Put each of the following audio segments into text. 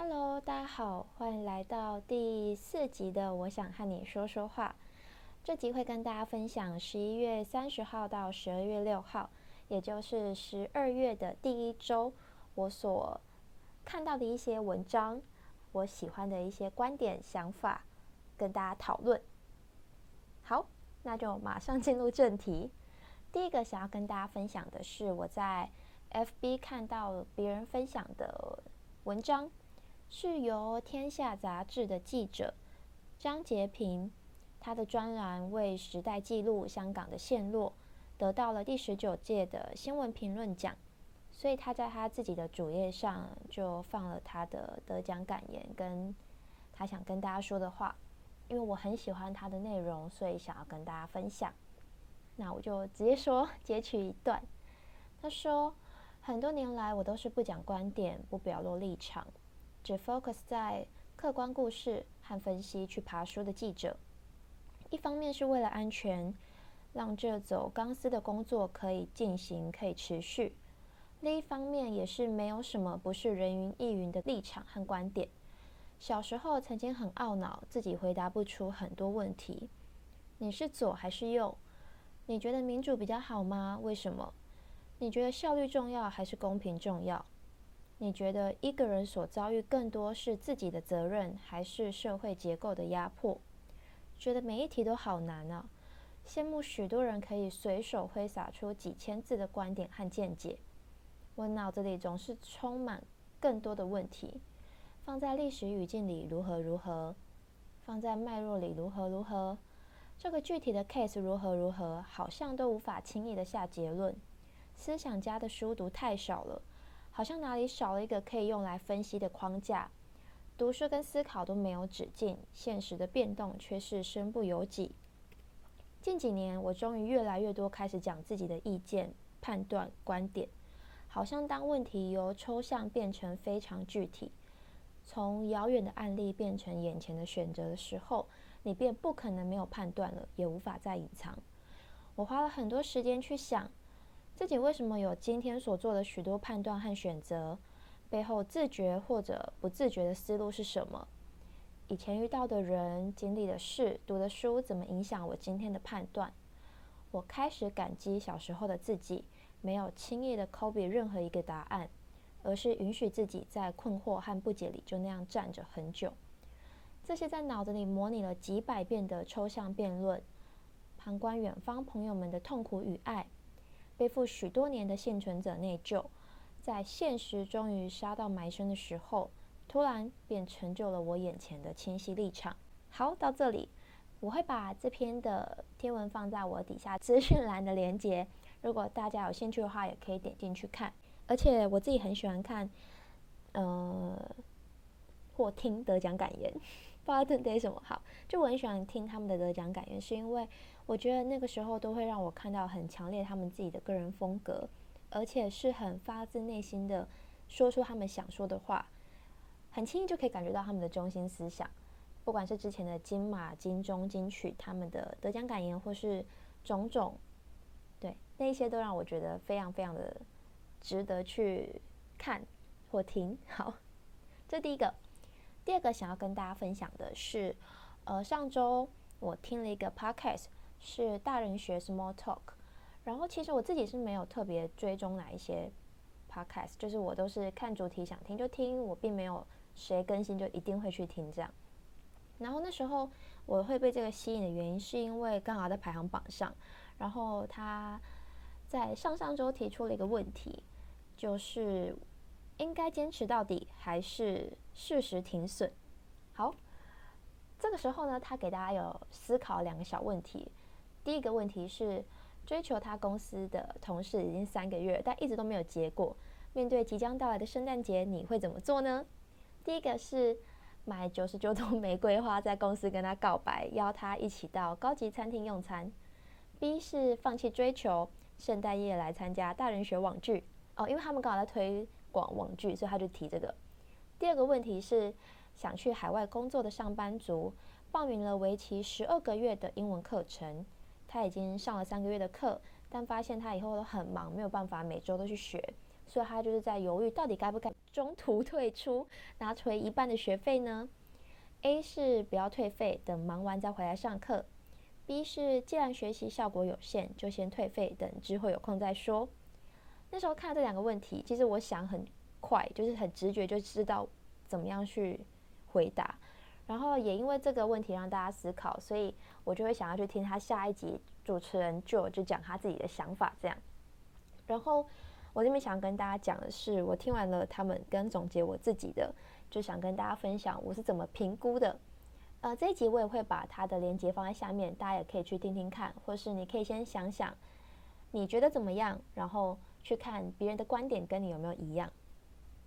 Hello，大家好，歡迎來到第四集的《我想和你說說話》。這集會跟大家分享十一月三十號到十二月六號，也就是十二月的第一周，我所看到的一些文章，我喜歡的一些觀點、想法，跟大家討論。好，那就馬上進入正題。第一個想要跟大家分享的是我在 FB 看到別人分享的文章。是由《天下》雜誌的記者張潔平，他的專欄為《時代記錄》香港的陷落，得到了第十九屆的新聞評論獎。所以他在他自己的主頁上就放了他的得獎感言，跟他想跟大家說的話。因為我很喜歡他的內容，所以想要跟大家分享。那我就直接說截取一段，他說：“很多年來，我都是不講觀點，不表露立場。”只 focus 在客觀故事和分析去爬梳的記者。一方面是為了安全，讓這走鋼絲的工作可以進行可以持續；另一方面也是沒有什麼不是人云亦云的立場和觀點。小時候曾經很懊惱自己回答不出很多問題。你是左還是右？你覺得民主比較好嗎？為什麼？你覺得效率重要還是公平重要？你覺得一個人所遭遇，更多是自己的責任，還是社會結構的壓迫？覺得每一題都好難啊！羨慕許多人可以隨手揮灑出幾千字的觀點和見解。我腦子裡總是充滿更多的問題。放在歷史語境裡如何如何？放在脈絡裡如何如何？這個具體的 case 如何如何？好像都無法輕易的下結論。思想家的書讀太少了。好像哪裡少了一個可以用來分析的框架，讀書跟思考都沒有止境，現實的變動卻是身不由己。近幾年，我終於越來越多開始講自己的意見、判斷、觀點。好像當問題由抽象變成非常具體，從遙遠的案例變成眼前的選擇的時候，你便不可能沒有判斷了，也無法再隱藏。我花了很多時間去想。自己為什麼有今天所做的許多判斷和選擇？背後自覺或者不自覺的思路是什麼？以前遇到的人、經歷的事、讀的書，怎麼影響我今天的判斷？我開始感激小時候的自己，沒有輕易的 copy 任何一個答案，而是允許自己在困惑和不解裡就那樣站着很久。這些在腦子裡模擬了幾百遍的抽象辯論，旁觀遠方朋友們的痛苦與愛。背負許多年的幸存者內疚，在現實終於殺到埋身的時候，突然便成就了我眼前的清晰立場。好，到這裡，我會把這篇的全文放在我底下資訊欄的連結，如果大家有興趣的話，也可以點進去看。而且我自己很喜歡看，呃，或聽得獎感言。對對什麼好，就我很喜歡聽他們的得獎感言，是因為我覺得那個時候都會讓我看到很強烈他們自己的個人風格，而且是很發自內心的說出他們想說的話，很輕易就可以感覺到他們的中心思想。不管是之前的金馬、金鐘、金曲他們的得獎感言，或是種種，對那些都讓我覺得非常非常的值得去看或聽。好，這第一個。第二個想要跟大家分享的是，呃，上週我聽了一個 podcast，是大人的 small talk。然後其實我自己是沒有特別追蹤哪一些 podcast，就是我都是看主題想聽就聽，我並沒有誰更新就一定會去聽這樣。然後那時候我會被這個吸引的原因，是因為剛好在排行榜上，然後他在上上週提出了一個問題，就是。應該堅持到底，還是適時停損？好，這個時候呢，他給大家有思考兩個小問題。第一個問題是，追求他公司的同事已經三個月，但一直都沒有結果。面對即將到來的聖誕節，你會怎麼做呢？第一個是買九十九朵玫瑰花，在公司跟他告白，邀他一起到高級餐廳用餐；B 是放棄追求，聖誕夜來參加大人學網劇。哦，因為他們剛好在推。網網劇，所以他就提這個。第二個問題是，想去海外工作的上班族報名了為期十二個月的英文課程，他已經上了三個月的課，但發現他以後都很忙，沒有辦法每周都去學，所以他就是在猶豫，到底該不該中途退出，拿回一半的學費呢？A 是不要退費，等忙完再回來上課；B 是既然學習效果有限，就先退費，等之後有空再說。那時候看到這兩個問題，其實我想很快，就是很直覺就知道怎麼樣去回答。然後也因為這個問題讓大家思考，所以我就會想要去聽他下一集主持人，就就講他自己的想法這樣。然後我這邊想要跟大家講的是，我聽完了他們跟總結我自己的，就想跟大家分享我是怎麼評估的。呃，這一集我也會把它的連接放在下面，大家也可以去聽聽看，或是你可以先想想你覺得怎麼樣，然後。去看別人的觀點跟你有沒有一樣？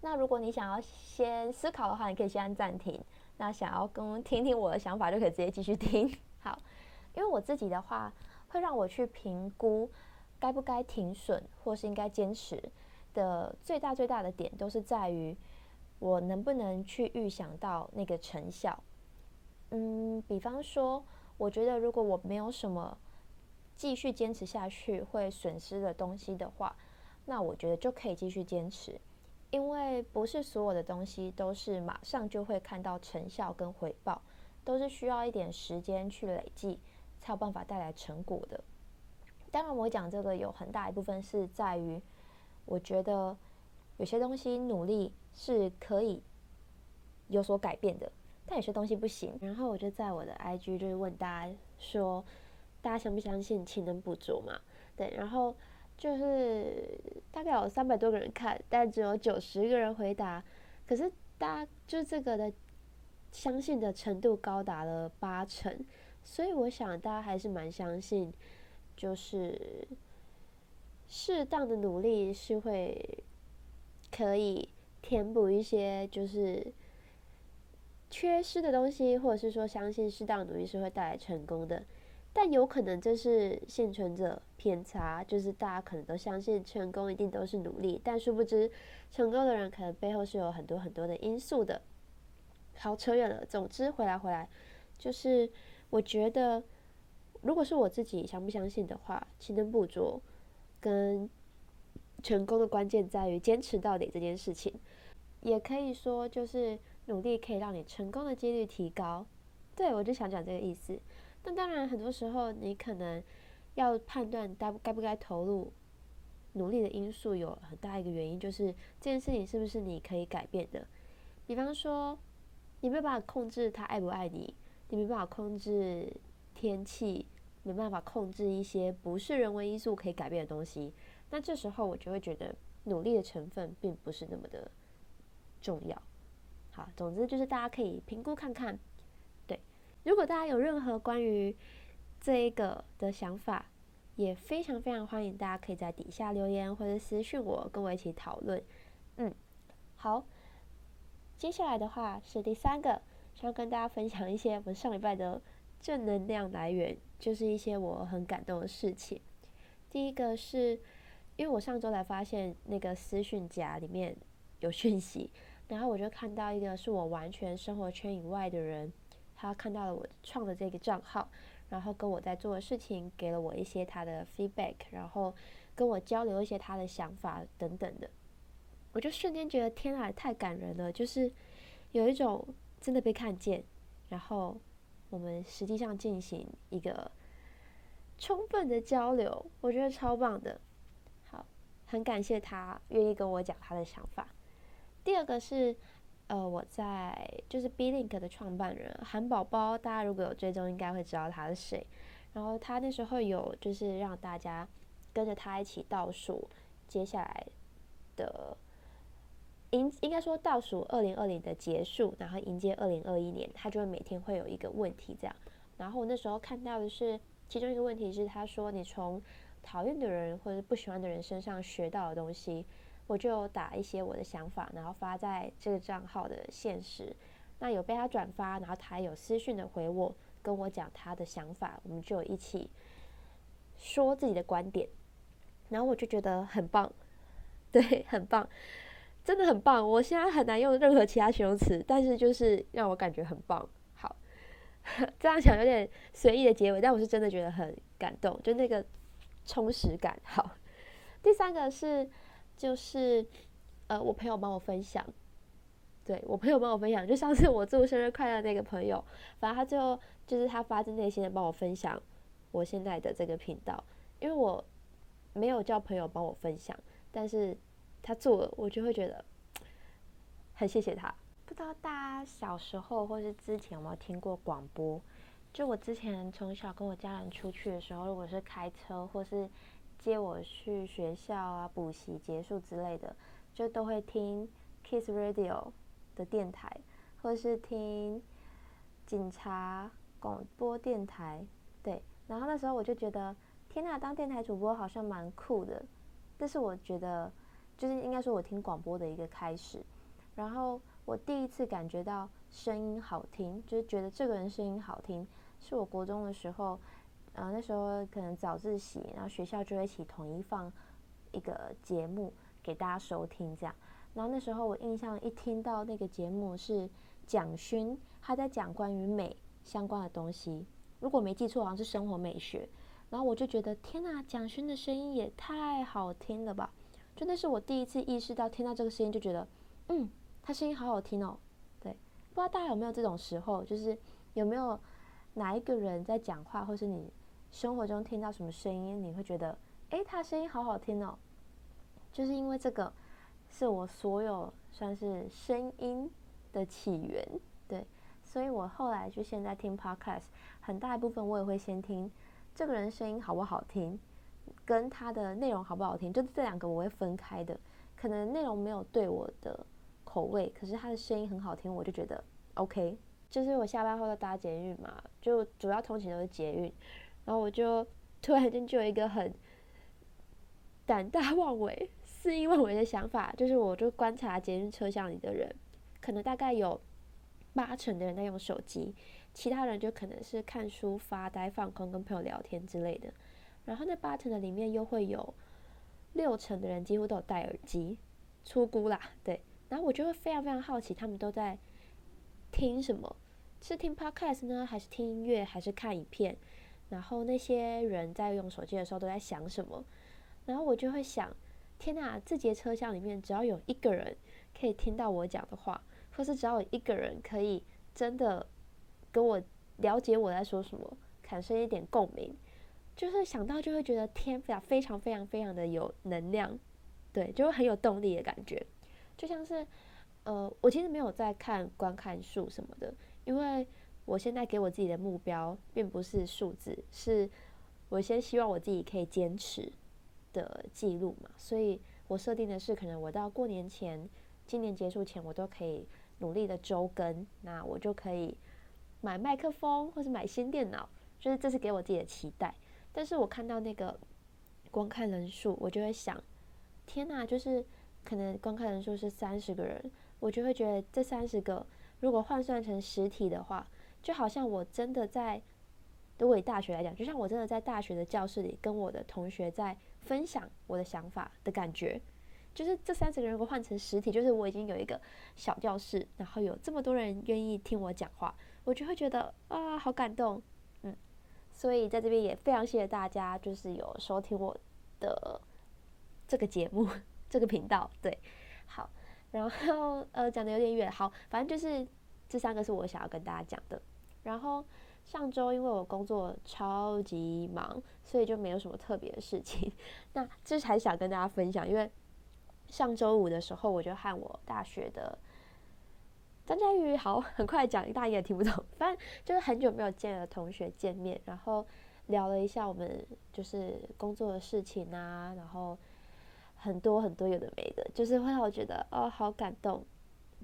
那如果你想要先思考的話，你可以先暫停。那想要跟聽聽我的想法，就可以直接繼續聽。好，因為我自己的話會讓我去評估該不該停損，或是應該堅持的最大最大的點都是在於我能不能去預想到那個成效。嗯，比方說，我覺得如果我沒有什麼繼續堅持下去會損失的東西的話。那我覺得就可以繼續堅持，因為不是所有的東西都是馬上就會看到成效跟回報，都是需要一點時間去累積，才有辦法帶來成果的。當然，我講這個有很大一部分是在於，我覺得有些東西努力是可以有所改變的，但有些東西不行。然後我就在我的 IG 就是問大家說，大家相不相信勤能補拙嘛？對，然後。就是大概有三百多個人看，但只有九十個人回答。可是大家就這個的相信的程度高達了八成，所以我想大家還是蠻相信，就是適當的努力是會可以填補一些就是缺失的東西，或者是說相信適當的努力是會帶來成功的。但有可能這是幸存者偏差，就是大家可能都相信成功一定都是努力，但殊不知成功的人可能背後是有很多很多的因素的。好扯遠了，總之回來回來，就是我覺得如果是我自己相不相信的話，勤能補拙跟成功的關鍵在於堅持到底這件事情，也可以說就是努力可以讓你成功的幾率提高。對，我就想講這個意思。那當然，很多時候你可能要判斷該該不該投入努力的因素，有很大一個原因就是這件事情是不是你可以改變的。比方說，你沒有辦法控制他愛不愛你，你沒有辦法控制天氣，你沒辦法控制一些不是人為因素可以改變的東西。那這時候我就會覺得努力的成分並不是那麼的重要。好，總之就是大家可以評估看看。如果大家有任何關於這一個的想法，也非常非常歡迎大家可以在底下留言或者，私訊我，跟我一起討論。嗯，好，接下來的話是第三個，想要跟大家分享一些我們上禮拜的正能量來源，就是一些我很感動的事情。第一個是因為我上週才發現那個私訊夾裡面有訊息，然後我就看到一個是我完全生活圈以外的人。他看到了我創的這個賬號，然後跟我在做的事情，給了我一些他的 feedback，然後跟我交流一些他的想法等等的，我就瞬間覺得天啊，太感人了，就是有一種真的被看見，然後我們實際上進行一個充分的交流，我覺得超棒的，好，很感謝他願意跟我講他的想法。第二個是。呃，我在就是 Blink 的創辦人韓寶寶，大家如果有追蹤，應該會知道他是誰。然後他那時候有就是讓大家跟着他一起倒數接下來的迎，應該說倒數2020的結束，然後迎接2021年，他就會每天會有一個問題這樣。然後我那時候看到的是，其中一個問題是他說：“你從討厭的人或者不喜歡的人身上學到的東西。”我就打一些我的想法，然後發在這個賬號的現實，那有被他轉發，然後他有私訊的回我，跟我講他的想法，我們就一起說自己的觀點，然後我就覺得很棒，對，很棒，真的很棒，我現在很難用任何其他形容詞，但是就是讓我感覺很棒。好，這樣想有點隨意的結尾，但我是真的覺得很感動，就那個充實感。好，第三個是。就是，呃，我朋友幫我分享，對我朋友幫我分享，就上次我祝生日快樂那個朋友，反正他最後就是他發自內心的幫我分享我現在的這個頻道，因為我沒有叫朋友幫我分享，但是他做了，我就會覺得很謝謝他。不知道大家小時候或是之前有沒有聽過廣播？就我之前從小跟我家人出去的時候，如果是開車或是。接我去學校啊，補習結束之類的，就都會聽 Kiss Radio 的電台，或者是聽警察廣播電台。對，然後那時候我就覺得，天吶，當電台主播好像蠻酷的。但是我覺得，就是應該說，我聽廣播的一個開始。然後我第一次感覺到聲音好聽，就是覺得這個人聲音好聽，是我國中的時候。呃，然後那時候可能早自習，然後學校就會一起統一放一個節目給大家收聽，這樣。然後那時候我印象一聽到那個節目是蔣勳，他在講關於美相關的東西。如果沒記錯，好像是生活美學。然後我就覺得天哪，蔣勳的聲音也太好聽了吧！就那是我第一次意識到聽到這個聲音就覺得，嗯，他聲音好好聽哦。對，不知道大家有沒有這種時候，就是有沒有哪一個人在講話，或是你。生活中聽到什麼聲音，你會覺得，誒，他的聲音好好聽哦，就是因為這個是我所有算是聲音的起源，對，所以我後來就現在聽 Podcast，很大一部分我也會先聽這個人聲音好不好聽，跟他的內容好不好聽，就是這兩個我會分開的。可能內容沒有對我的口味，可是他的聲音很好聽，我就覺得 OK。就是我下班後要搭捷運嘛，就主要通勤都是捷運。然後我就突然間就有一個很膽大妄為、肆意妄為的想法，就是我就觀察捷運車廂裡的人，可能大概有八成的人在用手機，其他人就可能是看書、發呆、放空、跟朋友聊天之類的。然後那八成的裡面又會有六成的人幾乎都有戴耳機，粗估啦，對。然後我就會非常非常好奇，他們都在聽什麼？是聽 Podcast 呢，還是聽音樂，還是看影片？然後那些人在用手機的時候都在想什麼？然後我就會想，天哪，這節車廂裡面只要有一個人可以聽到我講的話，或是只要有一個人可以真的跟我了解我在說什麼，產生一點共鳴，就是想到就會覺得天啊，非常非常非常的有能量，對，就會很有動力的感覺，就像是，呃，我其實沒有在看觀看數什麼的，因為。我現在給我自己的目標，並不是數字，是我先希望我自己可以堅持的記錄嘛，所以我設定的是，可能我到過年前，今年結束前，我都可以努力的周更，那我就可以買麥克風，或是買新電腦，就是這是給我自己的期待。但是我看到那個觀看人數，我就會想，天哪，就是可能觀看人數是三十個人，我就會覺得這三十個如果換算成實體的話，就好像我真的在，如果以大學來講，就像我真的在大學的教室裡跟我的同學在分享我的想法的感覺，就是這三十個人如果換成實體，就是我已經有一個小教室，然後有這麼多人願意聽我講話，我就會覺得啊、呃，好感動，嗯。所以在這邊也非常謝謝大家，就是有收聽我的這個節目、這個頻道，對，好。然後呃，講的有點遠，好，反正就是。這三個是我想要跟大家講的。然後上週因為我工作超級忙，所以就沒有什麼特別的事情。那這才想跟大家分享，因為上週五的時候，我就和我大學的張佳瑜好，很快講，大家也聽不懂。反正就是很久沒有見的同學見面，然後聊了一下我們就是工作的事情啊，然後很多很多有的沒的，就是會讓我覺得哦，好感動。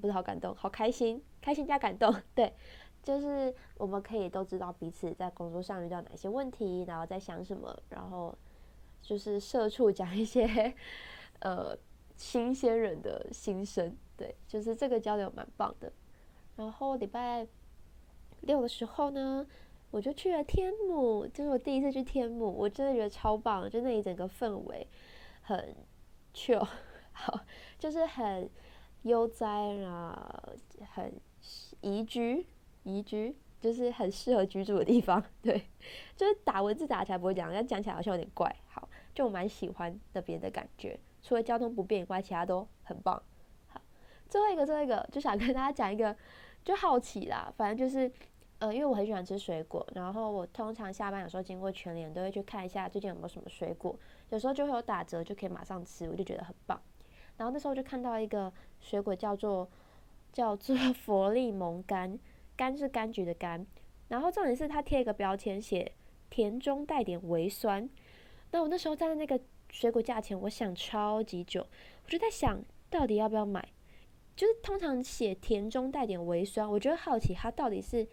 不是好感動，好開心，開心加感動，對，就是我們可以都知道彼此在工作上遇到哪些問題，然後在想什麼，然後就是社畜講一些呃新鮮人的心聲，對，就是這個交流蠻棒的。然後禮拜六的時候呢，我就去了天母，就是我第一次去天母，我真的覺得超棒，就那一整個氛圍很 chill，好，就是很。悠哉啊，啊很宜居，宜居就是很適合居住的地方。對，就是打文字打起來不會講，但講起來好像有點怪。好，就我蠻喜歡那邊的感覺，除了交通不便以外，其他都很棒。好，最後一個，最後一個，就想跟大家講一個，就好奇啦。反正就是，呃，因為我很喜歡吃水果，然後我通常下班有時候經過全聯，都會去看一下最近有沒有什麼水果，有時候就會有打折，就可以馬上吃，我就覺得很棒。然後那時候就看到一個水果叫做叫做佛利蒙柑，柑是柑橘的柑。然後重點是他貼一個標籤寫，甜中帶點微酸。那我那時候站在那個水果架前，我想超級久，我就在想到底要不要買。就是通常寫甜中帶點微酸，我就會好奇它到底是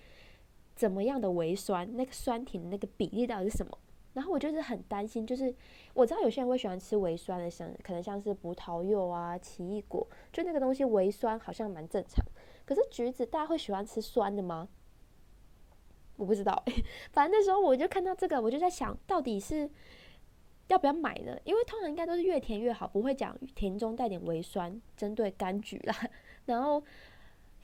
怎麼樣的微酸，那個酸甜的那個比例到底是什麼。然後我就是很擔心，就是我知道有些人會喜歡吃微酸的，像可能像是葡萄柚啊、奇異果，就那個東西微酸好像蠻正常。可是橘子大家會喜歡吃酸的嗎？我不知道， 反正那時候我就看到這個，我就在想到底是要不要買呢？因為通常應該都是越甜越好，不會講甜中帶點微酸。針對柑橘啦，然後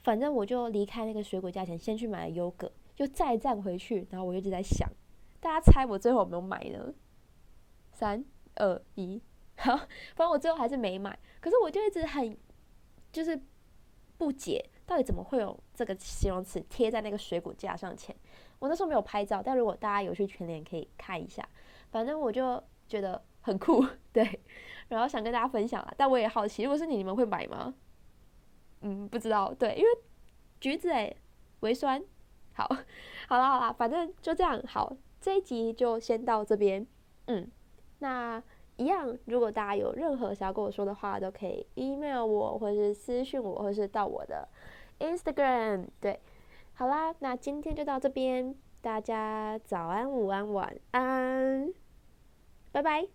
反正我就離開那個水果架前，先去買了優格，就再站回去，然後我一直在想。大家猜我最後有沒有買呢？三二一，好，反正我最後還是沒買。可是我就一直很，就是不解，到底怎麼會有這個形容詞貼在那個水果架上前？我那時候沒有拍照，但如果大家有去全聯可以看一下。反正我就覺得很酷，對，然後想跟大家分享了。但我也好奇，如果是你，你們會買嗎？嗯，不知道，對，因為橘子哎、欸，微酸。好，好啦好啦，反正就這樣，好。這一集就先到這邊，嗯，那一樣，如果大家有任何想要跟我說的話，都可以 email 我，或是私訊我，或是到我的 Instagram。對，好啦，那今天就到這邊，大家早安、午安、晚安，拜拜。